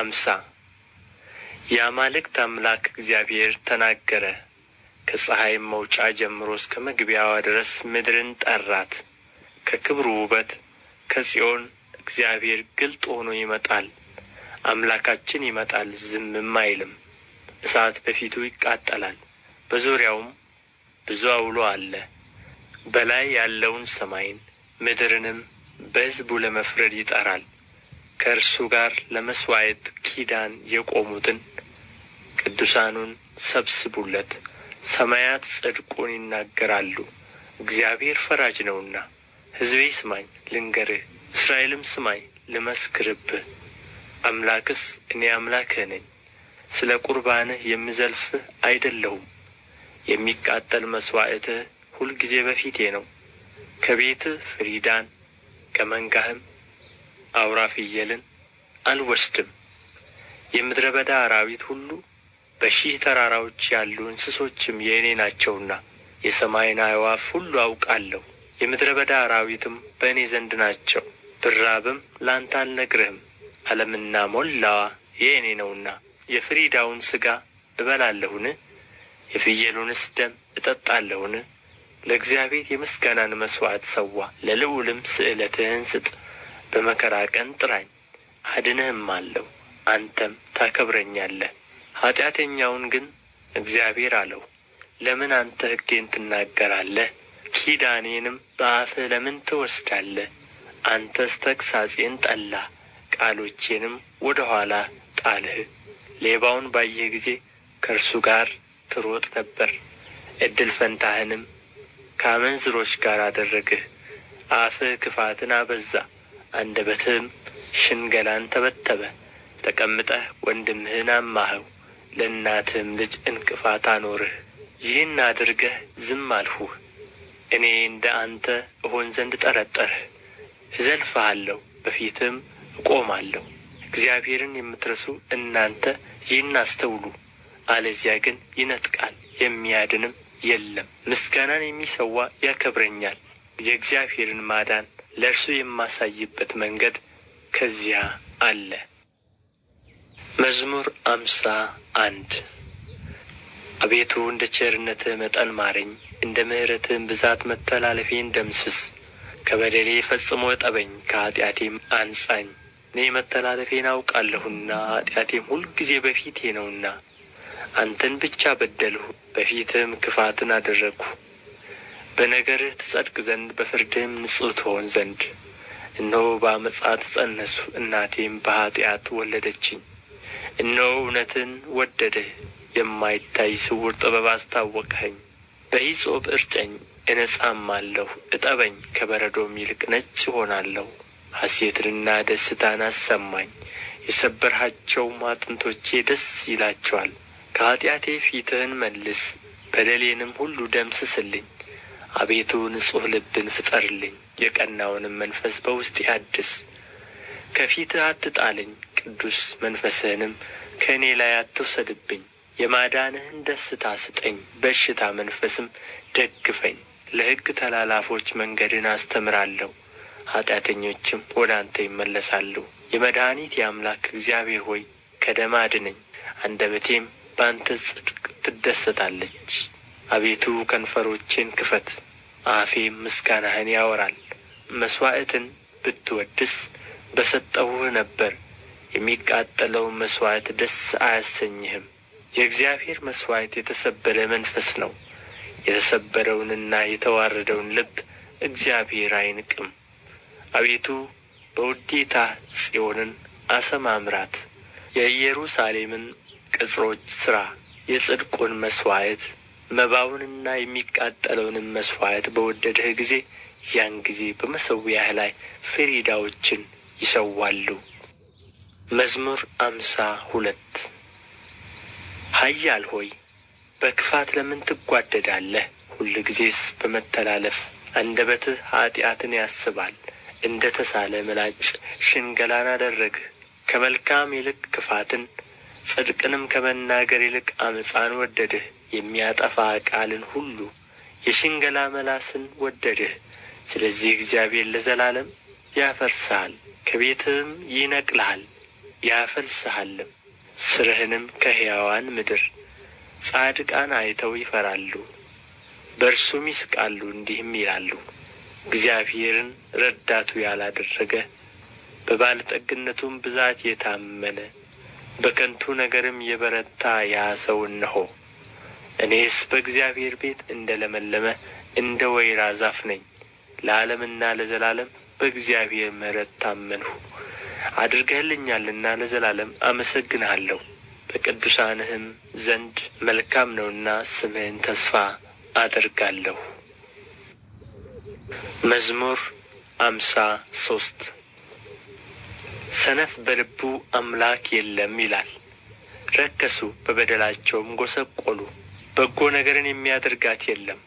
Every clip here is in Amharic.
አምሳ የአማልክት አምላክ እግዚአብሔር ተናገረ። ከፀሐይም መውጫ ጀምሮ እስከ መግቢያዋ ድረስ ምድርን ጠራት። ከክብሩ ውበት ከጽዮን እግዚአብሔር ግልጥ ሆኖ ይመጣል። አምላካችን ይመጣል፣ ዝምም አይልም። እሳት በፊቱ ይቃጠላል፣ በዙሪያውም ብዙ አውሎ አለ። በላይ ያለውን ሰማይን ምድርንም በሕዝቡ ለመፍረድ ይጠራል። ከእርሱ ጋር ለመሥዋዕት ኪዳን የቆሙትን ቅዱሳኑን ሰብስቡለት። ሰማያት ጽድቁን ይናገራሉ፣ እግዚአብሔር ፈራጅ ነውና። ሕዝቤ ስማኝ፣ ልንገርህ፣ እስራኤልም ስማኝ፣ ልመስክርብህ። አምላክስ እኔ አምላክህ ነኝ፣ ስለ ቁርባንህ የምዘልፍህ አይደለሁም። የሚቃጠል መሥዋዕትህ ሁልጊዜ በፊቴ ነው። ከቤትህ ፍሪዳን ከመንጋህም አውራ ፍየልን አልወስድም። የምድረ በዳ አራዊት ሁሉ በሺህ ተራራዎች ያሉ እንስሶችም የእኔ ናቸውና የሰማይን አዕዋፍ ሁሉ አውቃለሁ። የምድረ በዳ አራዊትም በእኔ ዘንድ ናቸው። ብራብም ላንተ አልነግርህም፣ ዓለምና ሞላዋ የእኔ ነውና። የፍሪዳውን ሥጋ እበላለሁን? የፍየሉንስ ደም እጠጣለሁን? ለእግዚአብሔር የምስጋናን መሥዋዕት ሰዋ፣ ለልዑልም ስእለትህን ስጥ። በመከራ ቀን ጥራኝ አለው አንተም ታከብረኛለህ። ኃጢአተኛውን ግን እግዚአብሔር አለው፣ ለምን አንተ ሕጌን ትናገራለህ? ኪዳኔንም በአፍህ ለምን ትወስዳለህ? አንተስ ተግሣጼን ጠላ፣ ቃሎቼንም ወደ ኋላ ጣልህ። ሌባውን ባየህ ጊዜ ከእርሱ ጋር ትሮጥ ነበር፣ እድል ፈንታህንም ከአመንዝሮች ጋር አደረግህ። አፍህ ክፋትን አበዛ አንደበትህም ሽንገላን ተበተበ ተቀምጠህ ወንድምህን አማኸው ለእናትህም ልጅ እንቅፋት አኖርህ ይህን አድርገህ ዝም አልሁህ እኔ እንደ አንተ እሆን ዘንድ ጠረጠርህ እዘልፍሃለሁ በፊትህም እቆማለሁ እግዚአብሔርን የምትረሱ እናንተ ይህን አስተውሉ አለዚያ ግን ይነጥቃል የሚያድንም የለም ምስጋናን የሚሰዋ ያከብረኛል የእግዚአብሔርን ማዳን ለእርሱ የማሳይበት መንገድ ከዚያ አለ። መዝሙር አምሳ አንድ አቤቱ እንደ ቸርነትህ መጠን ማረኝ፣ እንደ ምሕረትህም ብዛት መተላለፌን ደምስስ። ከበደሌ ፈጽሞ እጠበኝ፣ ከኃጢአቴም አንጻኝ። እኔ መተላለፌን አውቃለሁና ኃጢአቴም ሁልጊዜ በፊቴ ነውና። አንተን ብቻ በደልሁ፣ በፊትህም ክፋትን አደረግሁ። በነገርህ ትጸድቅ ዘንድ በፍርድህም ንጹሕ ትሆን ዘንድ እነሆ በአመፃ ተጸነሱ፣ እናቴም በኃጢአት ወለደችኝ እነሆ እውነትን ወደድህ የማይታይ ስውር ጥበብ አስታወቅኸኝ በሂሶጵ እርጨኝ እነጻማለሁ እጠበኝ ከበረዶም ይልቅ ነጭ እሆናለሁ ሐሴትንና ደስታን አሰማኝ የሰበርሃቸውም አጥንቶቼ ደስ ይላቸዋል ከኃጢአቴ ፊትህን መልስ በደሌንም ሁሉ ደምስስልኝ አቤቱ ንጹሕ ልብን ፍጠርልኝ፣ የቀናውንም መንፈስ በውስጥ አድስ። ከፊትህ አትጣለኝ፣ ቅዱስ መንፈስህንም ከእኔ ላይ አትውሰድብኝ። የማዳንህን ደስታ ስጠኝ፣ በሽታ መንፈስም ደግፈኝ። ለሕግ ተላላፎች መንገድን አስተምራለሁ፣ ኀጢአተኞችም ወደ አንተ ይመለሳሉ። የመድኃኒት የአምላክ እግዚአብሔር ሆይ ከደም አድነኝ፣ አንደበቴም በአንተ ጽድቅ ትደሰታለች። አቤቱ ከንፈሮቼን ክፈት አፌም ምስጋናህን ያወራል። መሥዋዕትን ብትወድስ በሰጠሁህ ነበር። የሚቃጠለው መሥዋዕት ደስ አያሰኝህም። የእግዚአብሔር መሥዋዕት የተሰበረ መንፈስ ነው። የተሰበረውንና የተዋረደውን ልብ እግዚአብሔር አይንቅም። አቤቱ በውዴታ ጽዮንን አሰማምራት፣ የኢየሩሳሌምን ቅጽሮች ሥራ፣ የጽድቁን መሥዋዕት መባውንና የሚቃጠለውንም መስዋዕት በወደድህ ጊዜ ያን ጊዜ በመሠዊያህ ላይ ፍሪዳዎችን ይሰዋሉ። መዝሙር አምሳ ሁለት ኃያል ሆይ በክፋት ለምን ትጓደዳለህ? ጊዜስ በመተላለፍ አንደበትህ ኃጢአትን ያስባል። እንደ ተሳለ ምላጭ ሽንገላን አደረግህ። ከመልካም ይልቅ ክፋትን ጽድቅንም ከመናገር ይልቅ አመፃን ወደድህ። የሚያጠፋ ቃልን ሁሉ የሽንገላ መላስን ወደድህ። ስለዚህ እግዚአብሔር ለዘላለም ያፈርስሃል፣ ከቤትህም ይነቅልሃል ያፈልስሃልም፣ ስርህንም ከሕያዋን ምድር። ጻድቃን አይተው ይፈራሉ፣ በእርሱም ይስቃሉ፣ እንዲህም ይላሉ እግዚአብሔርን ረዳቱ ያላደረገ በባለጠግነቱም ብዛት የታመነ በከንቱ ነገርም የበረታ ያ ሰው እነሆ። እኔስ በእግዚአብሔር ቤት እንደ ለመለመ እንደ ወይራ ዛፍ ነኝ። ለዓለምና ለዘላለም በእግዚአብሔር ምሕረት ታመንሁ። አድርገህልኛልና ለዘላለም አመሰግንሃለሁ። በቅዱሳንህም ዘንድ መልካም ነውና ስምህን ተስፋ አደርጋለሁ። መዝሙር አምሳ ሶስት ሰነፍ በልቡ አምላክ የለም ይላል። ረከሱ፣ በበደላቸውም ጐሰቈሉ። በጎ ነገርን የሚያደርጋት የለም።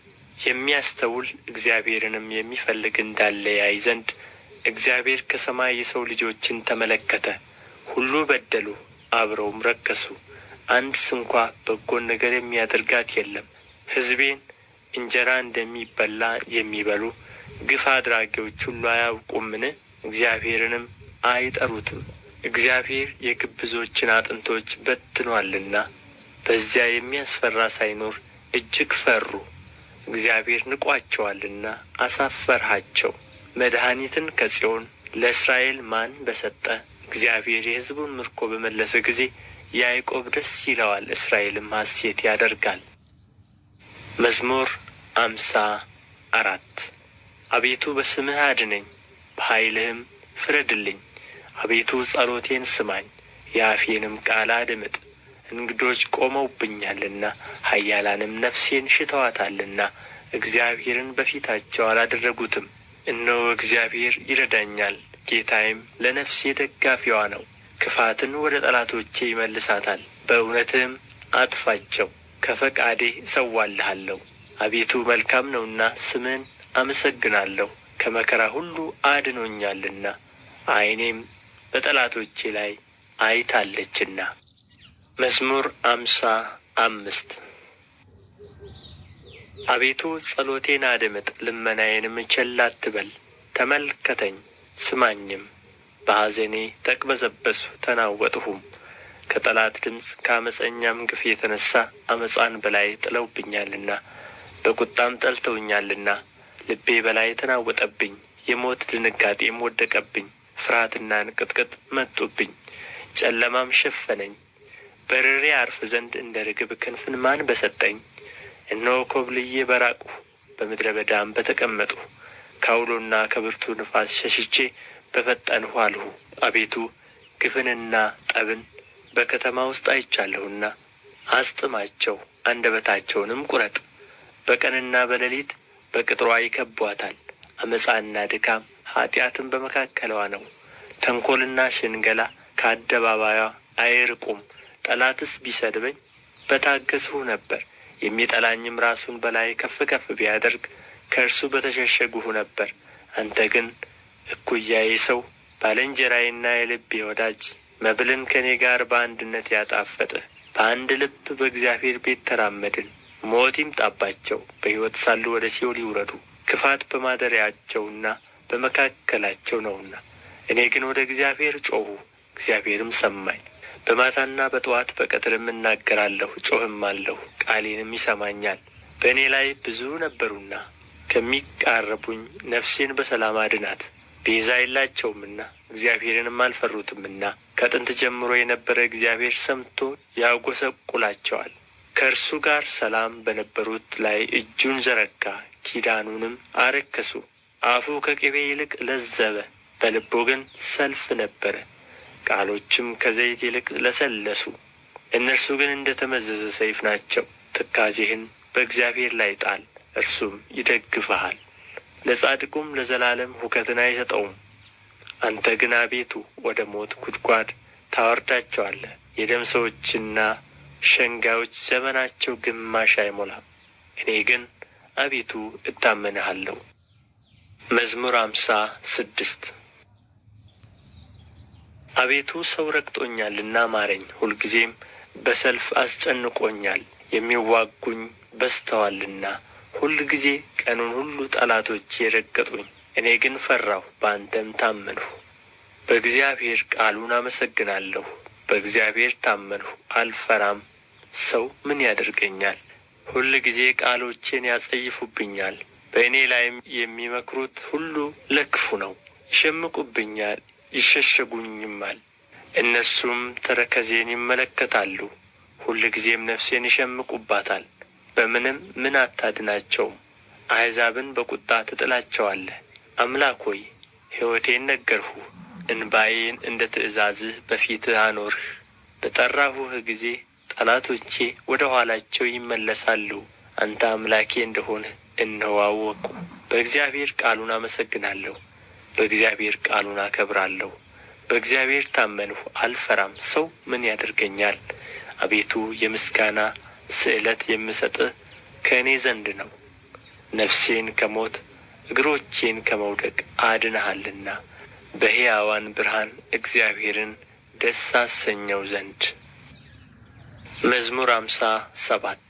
የሚያስተውል እግዚአብሔርንም የሚፈልግ እንዳለ ያይ ዘንድ እግዚአብሔር ከሰማይ የሰው ልጆችን ተመለከተ። ሁሉ በደሉ፣ አብረውም ረከሱ። አንድ ስንኳ በጎን ነገር የሚያደርጋት የለም። ሕዝቤን እንጀራ እንደሚበላ የሚበሉ ግፍ አድራጊዎች ሁሉ አያውቁምን? እግዚአብሔርንም አይጠሩትም። እግዚአብሔር የግብዞችን አጥንቶች በትኗልና በዚያ የሚያስፈራ ሳይኖር እጅግ ፈሩ። እግዚአብሔር ንቋቸዋልና አሳፈርሃቸው። መድኃኒትን ከጽዮን ለእስራኤል ማን በሰጠ? እግዚአብሔር የሕዝቡን ምርኮ በመለሰ ጊዜ ያዕቆብ ደስ ይለዋል፣ እስራኤልም ሐሴት ያደርጋል። መዝሙር አምሳ አራት አቤቱ በስምህ አድነኝ፣ በኃይልህም ፍረድልኝ። አቤቱ ጸሎቴን ስማኝ፣ የአፌንም ቃል አድምጥ። እንግዶች ቆመውብኛልና ኃያላንም ነፍሴን ሽተዋታልና እግዚአብሔርን በፊታቸው አላደረጉትም። እነሆ እግዚአብሔር ይረዳኛል፣ ጌታዬም ለነፍሴ ደጋፊዋ ነው። ክፋትን ወደ ጠላቶቼ ይመልሳታል፣ በእውነትህም አጥፋቸው። ከፈቃዴ እሰዋልሃለሁ፣ አቤቱ መልካም ነውና ስምን አመሰግናለሁ። ከመከራ ሁሉ አድኖኛልና ዓይኔም በጠላቶቼ ላይ አይታለችና። መዝሙር አምሳ አምስት አቤቱ ጸሎቴን አድምጥ፣ ልመናዬንም ቸል አትበል። ተመልከተኝ ስማኝም፣ በሐዘኔ ተቅበዘበዝሁ ተናወጥሁም። ከጠላት ድምፅ ከአመፀኛም ግፍ የተነሣ አመፃን በላይ ጥለውብኛልና በቁጣም ጠልተውኛልና ልቤ በላይ ተናወጠብኝ፣ የሞት ድንጋጤም ወደቀብኝ። ፍርሃትና እንቅጥቅጥ መጡብኝ፣ ጨለማም ሸፈነኝ። በርሬ አርፍ ዘንድ እንደ ርግብ ክንፍን ማን በሰጠኝ? እነሆ ኮብልዬ በራቁ በምድረ በዳም በተቀመጡ ከአውሎና ከብርቱ ንፋስ ሸሽቼ በፈጠንሁ አልሁ። አቤቱ ግፍንና ጠብን በከተማ ውስጥ አይቻለሁና አስጥማቸው፣ አንደበታቸውንም ቁረጥ። በቀንና በሌሊት በቅጥሯ ይከቧታል፣ አመፃና ድካም ኃጢአትም በመካከልዋ ነው። ተንኰልና ሽንገላ ከአደባባይዋ አይርቁም። ጠላትስ ቢሰድበኝ በታገሥሁ ነበር። የሚጠላኝም ራሱን በላይ ከፍ ከፍ ቢያደርግ ከእርሱ በተሸሸግሁ ነበር። አንተ ግን እኩያዬ ሰው፣ ባልንጀራዬና የልቤ ወዳጅ፣ መብልን ከእኔ ጋር በአንድነት ያጣፈጥህ፣ በአንድ ልብ በእግዚአብሔር ቤት ተራመድን። ሞት ይምጣባቸው፣ በሕይወት ሳሉ ወደ ሲኦል ይውረዱ። ክፋት በማደሪያቸውና በመካከላቸው ነውና። እኔ ግን ወደ እግዚአብሔር ጮኹ፣ እግዚአብሔርም ሰማኝ። በማታና በጠዋት በቀትርም እናገራለሁ፣ ጮህም አለሁ፣ ቃሌንም ይሰማኛል። በእኔ ላይ ብዙ ነበሩና ከሚቃረቡኝ ነፍሴን በሰላም አድናት። ቤዛ የላቸውምና እግዚአብሔርንም አልፈሩትምና ከጥንት ጀምሮ የነበረ እግዚአብሔር ሰምቶ ያጐሰቁላቸዋል። ከእርሱ ጋር ሰላም በነበሩት ላይ እጁን ዘረጋ፣ ኪዳኑንም አረከሱ። አፉ ከቅቤ ይልቅ ለዘበ፣ በልቡ ግን ሰልፍ ነበረ። ቃሎችም ከዘይት ይልቅ ለሰለሱ፣ እነርሱ ግን እንደ ተመዘዘ ሰይፍ ናቸው። ትካዜህን በእግዚአብሔር ላይ ጣል፣ እርሱም ይደግፍሃል። ለጻድቁም ለዘላለም ሁከትን አይሰጠውም። አንተ ግን አቤቱ ወደ ሞት ጉድጓድ ታወርዳቸዋለህ። የደም ሰዎችና ሸንጋዮች ዘመናቸው ግማሽ አይሞላም። እኔ ግን አቤቱ እታመንሃለሁ። መዝሙር አምሳ ስድስት አቤቱ ሰው ረግጦኛልና ማረኝ፣ ሁልጊዜም በሰልፍ አስጨንቆኛል። የሚዋጉኝ በዝተዋልና ሁልጊዜ ቀኑን ሁሉ ጠላቶች የረገጡኝ። እኔ ግን ፈራሁ፣ በአንተም ታመንሁ። በእግዚአብሔር ቃሉን አመሰግናለሁ። በእግዚአብሔር ታመንሁ፣ አልፈራም። ሰው ምን ያደርገኛል? ሁልጊዜ ቃሎቼን ያጸይፉብኛል። በእኔ ላይም የሚመክሩት ሁሉ ለክፉ ነው። ይሸምቁብኛል፣ ይሸሸጉኝማል። እነሱም ተረከዜን ይመለከታሉ፣ ሁልጊዜም ነፍሴን ይሸምቁባታል። በምንም ምን አታድናቸውም። አሕዛብን በቁጣ ትጥላቸዋለህ። አምላክ ሆይ ሕይወቴን ነገርሁ፣ እንባዬን እንደ ትእዛዝህ በፊትህ አኖርህ። በጠራሁህ ጊዜ ጠላቶቼ ወደ ኋላቸው ይመለሳሉ። አንተ አምላኬ እንደሆንህ እነሆ አወቅሁ በእግዚአብሔር ቃሉን አመሰግናለሁ በእግዚአብሔር ቃሉን አከብራለሁ በእግዚአብሔር ታመንሁ አልፈራም ሰው ምን ያደርገኛል አቤቱ የምስጋና ስእለት የምሰጥህ ከእኔ ዘንድ ነው ነፍሴን ከሞት እግሮቼን ከመውደቅ አድነሃልና በሕያዋን ብርሃን እግዚአብሔርን ደስ አሰኘው ዘንድ መዝሙር አምሳ ሰባት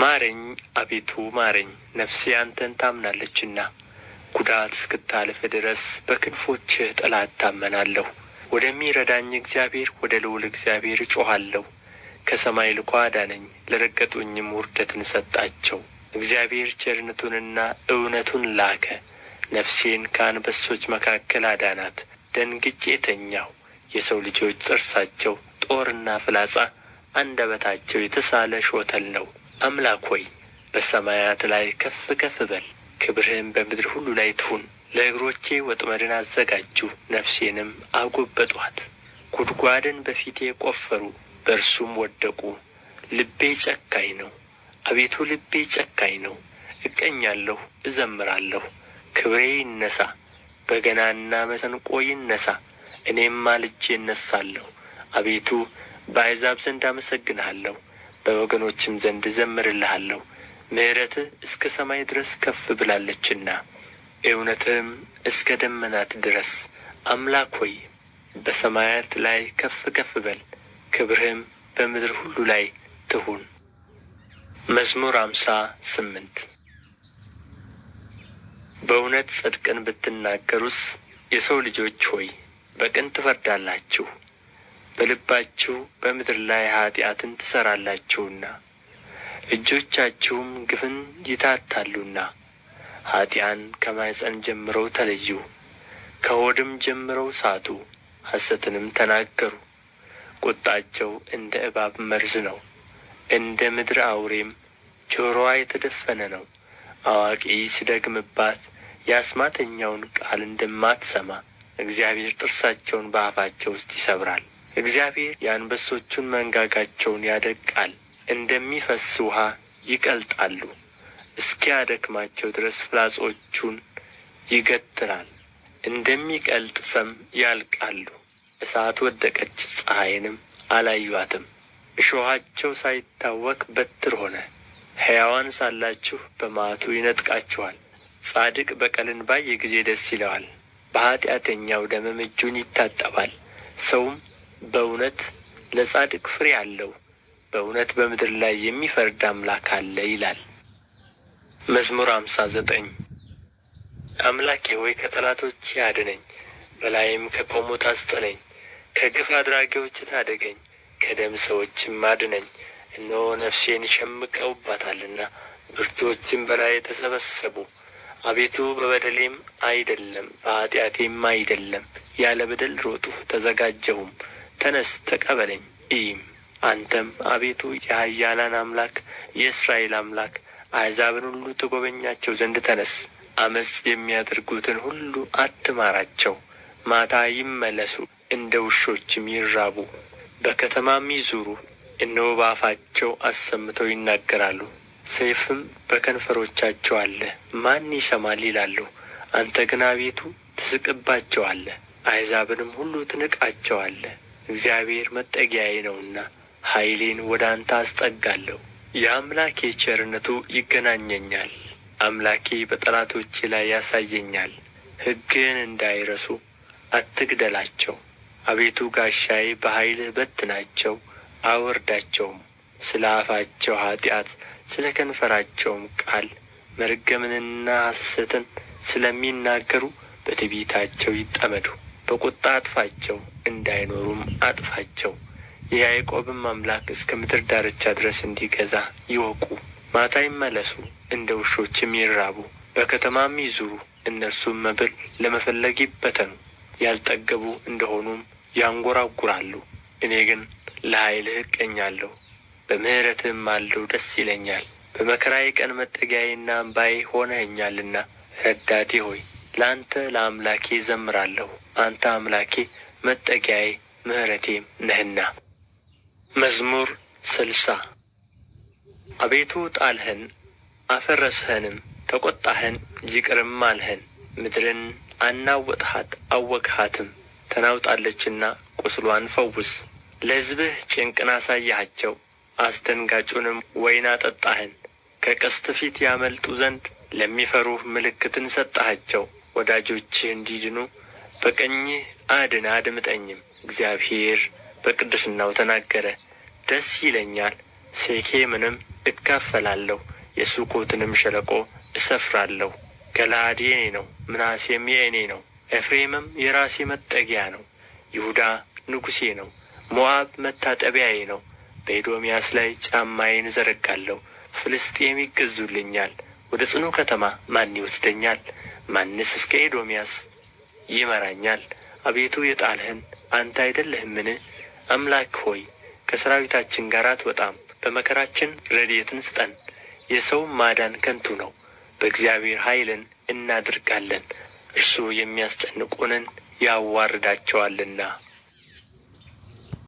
ማረኝ አቤቱ ማረኝ ነፍሴ አንተን ታምናለችና ጉዳት እስክታልፍ ድረስ በክንፎችህ ጥላ እታመናለሁ ወደሚረዳኝ እግዚአብሔር ወደ ልዑል እግዚአብሔር እጮኋለሁ ከሰማይ ልኮ አዳነኝ ለረገጡኝም ውርደትን ሰጣቸው እግዚአብሔር ቸርነቱንና እውነቱን ላከ ነፍሴን ከአንበሶች መካከል አዳናት ደንግጬ ተኛሁ የሰው ልጆች ጥርሳቸው ጦርና ፍላጻ አንደበታቸው የተሳለ ሾተል ነው አምላክ ሆይ በሰማያት ላይ ከፍ ከፍ በል፣ ክብርህም በምድር ሁሉ ላይ ትሁን። ለእግሮቼ ወጥመድን አዘጋጁ፣ ነፍሴንም አጎበጧት። ጉድጓድን በፊቴ ቆፈሩ፣ በእርሱም ወደቁ። ልቤ ጨካኝ ነው፣ አቤቱ ልቤ ጨካኝ ነው። እቀኛለሁ፣ እዘምራለሁ። ክብሬ ይነሣ፣ በገናና መሰንቆ ይነሣ። እኔም ማልጄ እነሣለሁ። አቤቱ በአሕዛብ ዘንድ አመሰግንሃለሁ። በወገኖችም ዘንድ እዘምርልሃለሁ። ምሕረትህ እስከ ሰማይ ድረስ ከፍ ብላለችና እውነትህም እስከ ደመናት ድረስ። አምላክ ሆይ በሰማያት ላይ ከፍ ከፍ በል፣ ክብርህም በምድር ሁሉ ላይ ትሁን። መዝሙር አምሳ ስምንት በእውነት ጽድቅን ብትናገሩስ፣ የሰው ልጆች ሆይ በቅን ትፈርዳላችሁ። በልባችሁ በምድር ላይ ኃጢአትን ትሠራላችሁና እጆቻችሁም ግፍን ይታታሉና ኀጢአን ከማኅፀን ጀምረው ተለዩ፣ ከሆድም ጀምረው ሳቱ፣ ሐሰትንም ተናገሩ። ቁጣቸው እንደ እባብ መርዝ ነው፣ እንደ ምድር አውሬም ጆሮዋ የተደፈነ ነው። አዋቂ ሲደግምባት የአስማተኛውን ቃል እንደማትሰማ እግዚአብሔር ጥርሳቸውን በአፋቸው ውስጥ ይሰብራል። እግዚአብሔር የአንበሶቹን መንጋጋቸውን ያደቃል፣ እንደሚፈስ ውሃ ይቀልጣሉ። እስኪያደክማቸው ድረስ ፍላጾቹን ይገትራል፣ እንደሚቀልጥ ሰም ያልቃሉ። እሳት ወደቀች፣ ፀሐይንም አላዩአትም። እሾኋቸው ሳይታወቅ በትር ሆነ። ሕያዋን ሳላችሁ በማቱ ይነጥቃችኋል። ጻድቅ በቀልን ባየ ጊዜ ደስ ይለዋል፣ በኀጢአተኛው ደምም እጁን ይታጠባል። ሰውም በእውነት ለጻድቅ ፍሬ አለው፣ በእውነት በምድር ላይ የሚፈርድ አምላክ አለ ይላል። መዝሙር ሃምሳ ዘጠኝ አምላኬ ሆይ ከጠላቶች አድነኝ፣ በላይም ከቆሙት አስጥለኝ፣ ከግፍ አድራጊዎች ታደገኝ፣ ከደም ሰዎችም አድነኝ። እነሆ ነፍሴን ሸምቀውባታልና ብርቶችም በላይ ተሰበሰቡ። አቤቱ በበደሌም አይደለም በኃጢአቴም አይደለም፣ ያለ በደል ሮጡ ተዘጋጀሁም። ተነስ ተቀበለኝ እይም። አንተም አቤቱ የኃያላን አምላክ የእስራኤል አምላክ አሕዛብን ሁሉ ትጐበኛቸው ዘንድ ተነስ። አመፅ የሚያደርጉትን ሁሉ አትማራቸው። ማታ ይመለሱ፣ እንደ ውሾችም ይራቡ፣ በከተማም ይዙሩ። እነሆ በአፋቸው አሰምተው ይናገራሉ፣ ሰይፍም በከንፈሮቻቸው አለ፣ ማን ይሰማል ይላሉ። አንተ ግን አቤቱ ትስቅባቸዋለህ፣ አሕዛብንም ሁሉ ትንቃቸዋለህ። እግዚአብሔር መጠጊያዬ ነውና ኃይሌን ወደ አንተ አስጠጋለሁ። የአምላኬ ቸርነቱ ይገናኘኛል። አምላኬ በጠላቶቼ ላይ ያሳየኛል። ሕግህን እንዳይረሱ አትግደላቸው። አቤቱ ጋሻዬ፣ በኃይልህ በትናቸው አወርዳቸውም። ስለ አፋቸው ኀጢአት ስለ ከንፈራቸውም ቃል መርገምንና ሐሰትን ስለሚናገሩ በትዕቢታቸው ይጠመዱ። በቁጣ አጥፋቸው፣ እንዳይኖሩም አጥፋቸው። የያዕቆብም አምላክ እስከ ምድር ዳርቻ ድረስ እንዲገዛ ይወቁ። ማታ ይመለሱ፣ እንደ ውሾችም ይራቡ፣ በከተማም ይዙሩ። እነርሱም መብል ለመፈለግ ይበተኑ፣ ያልጠገቡ እንደሆኑም ያንጎራጉራሉ። እኔ ግን ለኃይልህ እቀኛለሁ፣ በምሕረትህም አለው ደስ ይለኛል። በመከራዬ ቀን መጠጊያዬና አምባዬ ሆነኸኛልና፣ ረዳቴ ሆይ ለአንተ ለአምላኬ ዘምራለሁ። አንተ አምላኬ መጠጊያዬ ምሕረቴም ነህና። መዝሙር ስልሳ አቤቱ ጣልህን አፈረስኸንም፣ ተቈጣኸን ይቅርም አልኸን። ምድርን አናወጥሃት አወቅሃትም ተናውጣለችና ቁስሏን ፈውስ። ለሕዝብህ ጭንቅን አሳያሃቸው፣ አስደንጋጩንም ወይን አጠጣህን። ከቀስት ፊት ያመልጡ ዘንድ ለሚፈሩህ ምልክትን ሰጠሃቸው፣ ወዳጆችህ እንዲድኑ በቀኝህ አድን አድምጠኝም እግዚአብሔር በቅድስናው ተናገረ ደስ ይለኛል ሴኬምንም እካፈላለሁ የሱኮትንም ሸለቆ እሰፍራለሁ ገላድ የእኔ ነው ምናሴም የእኔ ነው ኤፍሬምም የራሴ መጠጊያ ነው ይሁዳ ንጉሴ ነው ሞዓብ መታጠቢያዬ ነው በኤዶምያስ ላይ ጫማዬን እዘረጋለሁ ፍልስጤም ይገዙልኛል ወደ ጽኑ ከተማ ማን ይወስደኛል ማንስ እስከ ኤዶምያስ ይመራኛል። አቤቱ የጣልህን አንተ አይደለህምን? አምላክ ሆይ ከሠራዊታችን ጋር አትወጣም። በመከራችን ረድኤትን ስጠን። የሰውም ማዳን ከንቱ ነው። በእግዚአብሔር ኃይልን እናድርጋለን። እርሱ የሚያስጨንቁንን ያዋርዳቸዋልና።